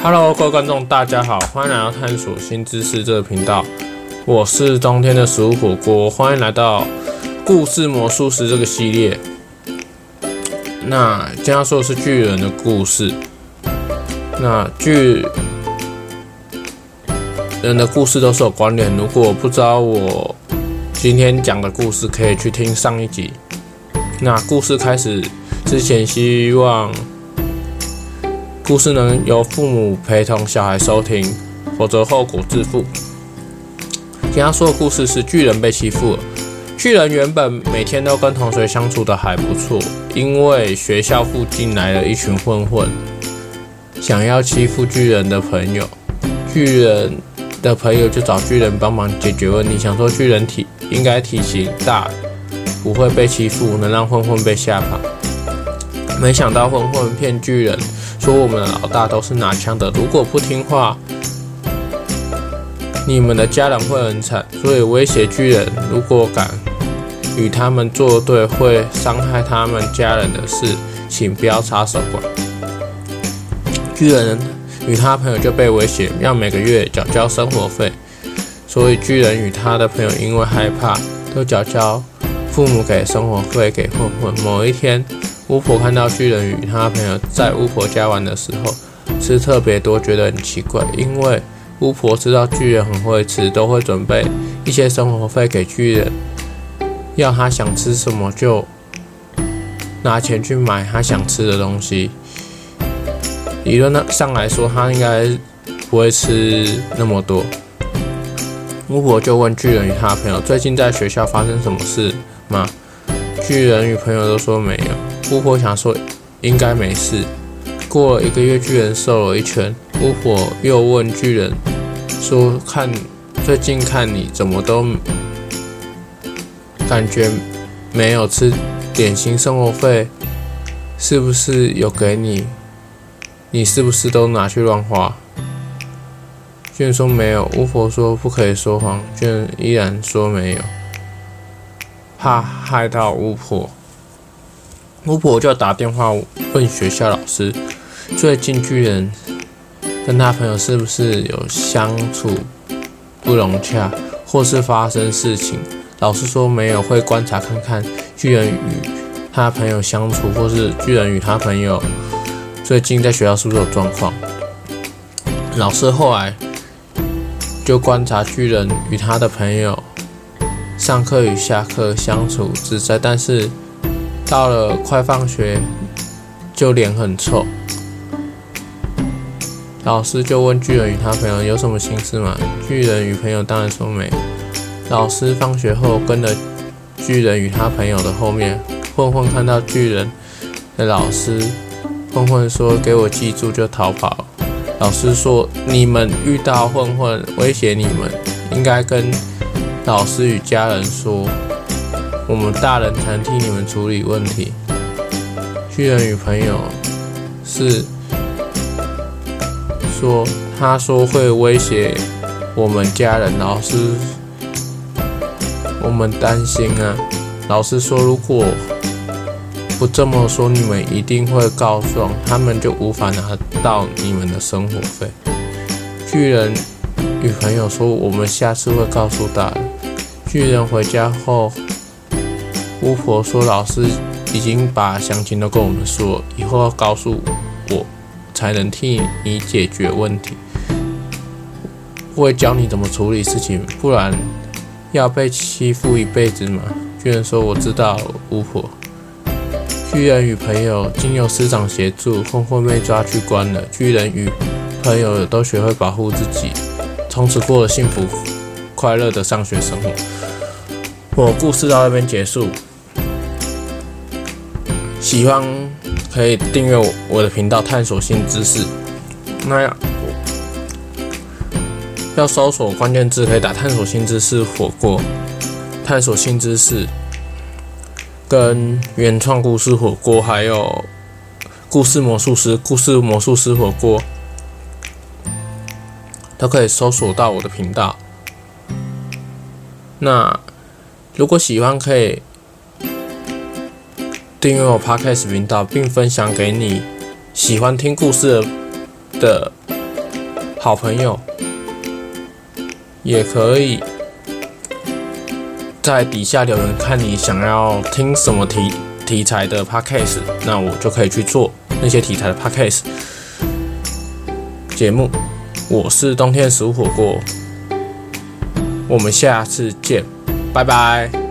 哈嘍，各位觀眾，大家好，歡迎來到探索新知識這個頻道。我是冬天的食物火鍋，歡迎來到故事魔術師這個系列。那今天要說的是巨人的故事。那巨人的故事都是有關聯，如果不知道我今天講的故事，可以去聽上一集。那故事開始之前，希望。故事能由父母陪同小孩收聽，否則後果自負。今天要說的故事是巨人被欺負了。巨人原本每天都跟同學相處得還不錯，因為學校附近來了一群混混，想要欺負巨人的朋友。巨人的朋友就找巨人幫忙解決問題，想說巨人體應該體型大，不會被欺負，能讓混混被嚇跑。沒想到混混騙巨人。說我們的老大都是拿槍的，如果不聽話，你們的家人會很慘，所以威脅巨人，如果敢與他們作對，會傷害他們家人的事，請不要插手管。巨人與他朋友就被威脅，要每個月繳交生活費，所以巨人與他的朋友因為害怕，都繳交父母給生活費，給混混。某一天，巫婆看到巨人與他朋友在巫婆家玩的時候吃特別多，覺得很奇怪。因為巫婆知道巨人很會吃，都會準備一些生活費給巨人，要他想吃什麼就拿錢去買他想吃的東西。理論上來說，他應該不會吃那麼多。巫婆就問巨人與他朋友最近在學校發生什麼事嗎？巨人與朋友都說沒有。巫婆想說，應該沒事。過了一個月，巨人瘦了一圈。巫婆又問巨人說：“看最近看你怎麼都感覺沒有吃點心，生活費是不是有給你？你是不是都拿去亂花？”巨人說沒有。巫婆說不可以說謊。巨人依然說沒有，怕害到巫婆。巫婆就要打電話問學校老師，最近巨人跟他朋友是不是有相處不融洽，或是發生事情？老師說沒有，會觀察看看巨人與他朋友相處，或是巨人與他朋友最近在學校是不是有狀況。老師後來就觀察巨人與他的朋友上課與下課相處自在，但是，到了快放學，就臉很臭。老師就問巨人與他朋友有什麼心事嗎？巨人與朋友當然說沒。老師放學後跟著巨人與他朋友的後面。混混看到巨人的老師，混混說：“給我記住就逃跑。”老師說：“你們遇到混混威脅你們，應該跟老師與家人說。”我們大人常替你們處理問題。巨人與朋友是說，他說會威脅我們家人。老師，我們擔心啊。老師說，如果不這麼說，你們一定會告狀，他們就無法拿到你們的生活費。巨人與朋友說，我們下次會告訴大人。巨人回家後。巫婆說：“老師已經把詳情都跟我們說，以後要告訴我，我才能替你解決問題。我會教你怎麼處理事情，不然要被欺負一輩子嘛。”巨人說：“我知道巫婆。”巨人與朋友經由師長協助，混混被抓去關了。巨人與朋友都學會保護自己，從此過了幸福快樂的上學生活。我故事到這邊結束。喜歡可以訂閱我我的頻道，探索新知識。那樣。要搜索關鍵字，可以打“探索新知識火鍋”、“探索新知識”跟“原創故事火鍋”還有“故事魔術師”、“故事魔術師火鍋”，都可以搜索到我的頻道。那如果喜歡，可以。訂閱我 Podcast 頻道，並分享給你喜歡聽故事的好朋友。也可以在底下留言，看你想要聽什麼題題材的 Podcast，那我就可以去做那些題材的 Podcast 節目。我是冬天食物火鍋，我們下次見，拜拜。